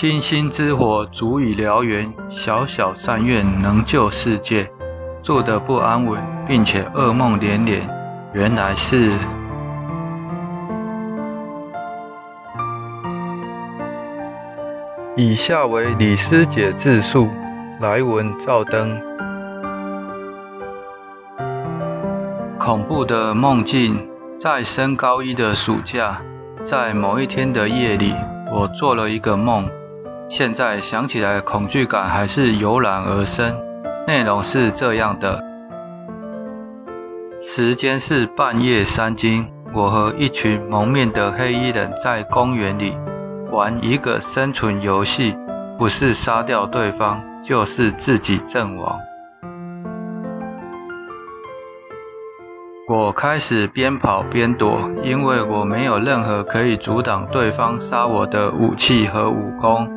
星星之火足以燎原，小小善願能救世界。做得不安穩，並且噩夢連連，原來是。以下為李師姐自述，來文照登。恐怖的夢境，在升高一的暑假，在某一天的夜裡，我做了一個夢。現在想起來，恐懼感還是油然而生。內容是這樣的：時間是半夜三更，我和一群蒙面的黑衣人在公園裡玩一個生存遊戲，不是殺掉對方，就是自己陣亡。我開始邊跑邊躲，因為我沒有任何可以阻擋對方殺我的武器和武功。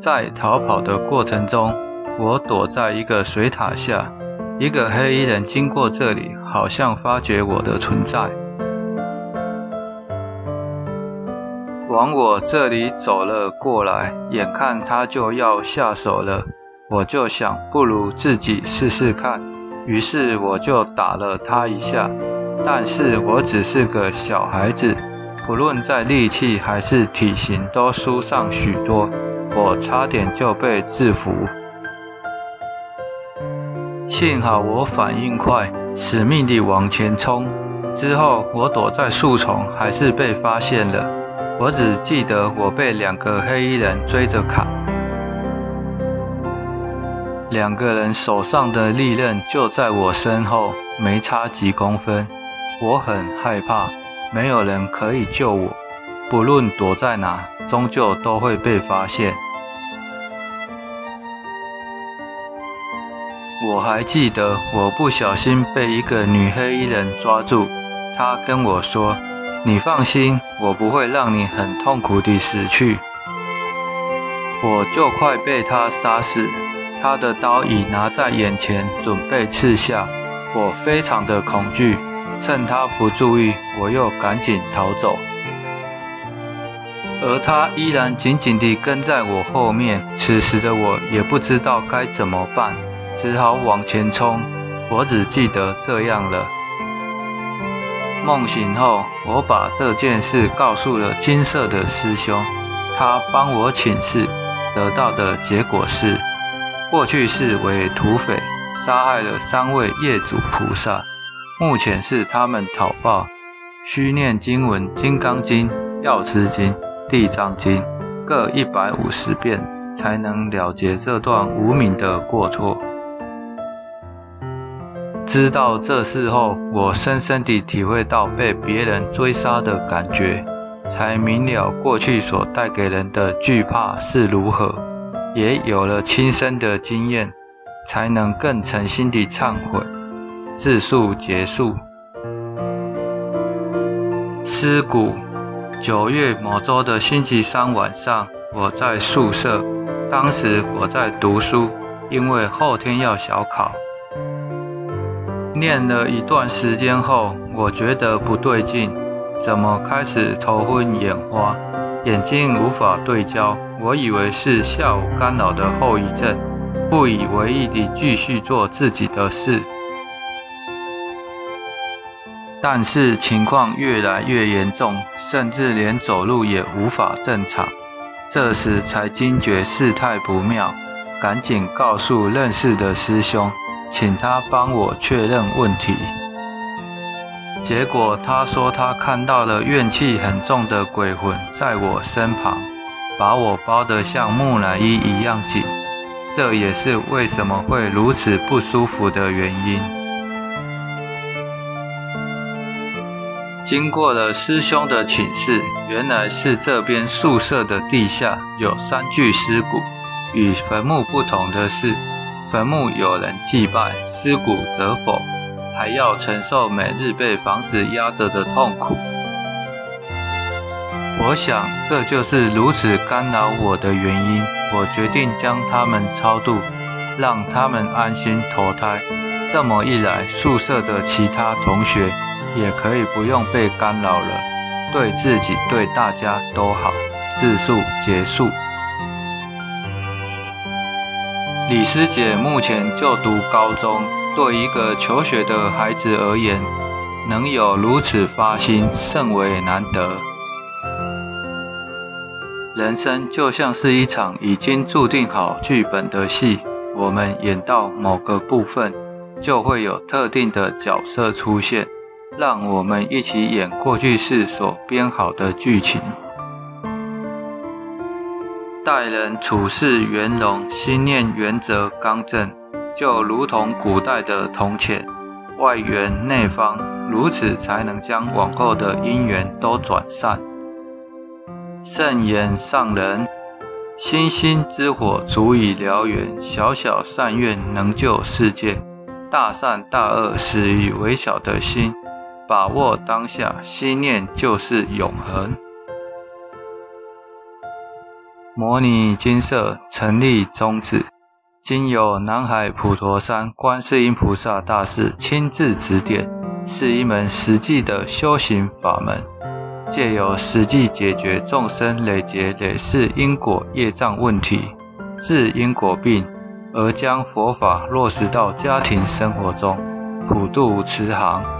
在逃跑的過程中，我躲在一個水塔下。一個黑衣人經過這裡，好像發覺我的存在，往我這裡走了過來。眼看他就要下手了，我就想，不如自己試試看。於是我就打了他一下。但是我只是個小孩子，不論在力氣還是體型，都輸上許多。我差點就被制服，幸好我反應快，死命地往前衝。之後我躲在樹叢，還是被發現了。我只記得我被兩個黑衣人追着砍，兩個人手上的利刃就在我身後，沒差幾公分。我很害怕，沒有人可以救我。不論躲在哪，終究都會被發現。我還記得，我不小心被一個女黑衣人抓住，她跟我說：“你放心，我不會讓你很痛苦地死去。”我就快被她殺死，她的刀已拿在眼前，準備刺下。我非常的恐懼，趁她不注意，我又趕緊逃走。而他依然緊緊地跟在我後面，此時的我也不知道該怎麼辦，只好往前衝。我只記得這樣了。夢醒後，我把這件事告訴了精舍的師兄，他幫我請示，得到的結果是，過去是為土匪殺害了三位業主菩薩，目前是他們討報，需念經文《金剛經》《藥師經》。《地藏經》各一百五十遍，才能了結這段無名的過錯。知道這事後，我深深地體會到被別人追殺的感覺，才明了過去所帶給人的懼怕是如何，也有了親身的經驗，才能更誠心地懺悔。自述結束。屍骨。九月某周的星期三晚上，我在宿舍。當時我在讀書，因為後天要小考。念了一段時間後，我覺得不對勁，怎麼開始頭昏眼花，眼睛無法對焦？我以為是下午干擾的後遺症，不以為意地繼續做自己的事。但是情況越來越嚴重，甚至連走路也無法正常。這時才驚覺事態不妙，趕緊告訴認識的師兄，請他幫我確認問題。結果他說他看到了怨氣很重的鬼魂在我身旁，把我包得像木乃伊一樣緊。這也是為什麼會如此不舒服的原因。經過了師兄的請示，原來是這邊宿舍的地下有三具屍骨。與墳墓不同的是，墳墓有人祭拜，屍骨則否，還要承受每日被房子壓着的痛苦。我想這就是如此干擾我的原因。我決定將他們超度，讓他們安心投胎。這麼一來，宿舍的其他同學。也可以不用被干擾了，對自己對大家都好。自述結束。李師姐目前就讀高中，對一個求學的孩子而言，能有如此發心，甚為難得。人生就像是一場已經注定好劇本的戲，我們演到某個部分，就會有特定的角色出現。讓我們一起演過去世所編好的劇情。待人處事圓融，心念原則剛正，就如同古代的銅錢，外圓內方，如此才能將往後的因緣都轉善。聖言上人，星星之火足以燎原，小小善願能救世界，大善大惡始於微小的心。把握當下，心念就是永恆。牟尼精舍，成立宗旨。經由南海普陀山觀世音菩薩大士親自指點，是一門實際的修行法門，借由實際解決眾生累劫累世因果業障問題，治因果病，而將佛法落實到家庭生活中，普渡慈航。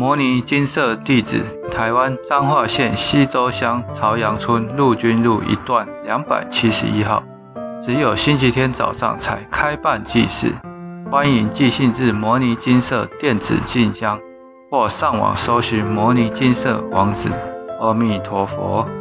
牟尼精舍地址：台灣彰化縣溪州鄉潮洋村陸軍路一段兩百七十一號，只有星期天早上才開辦濟世，歡迎寄信至牟尼精舍電子信箱，或上網搜尋牟尼精舍網址。阿彌陀佛。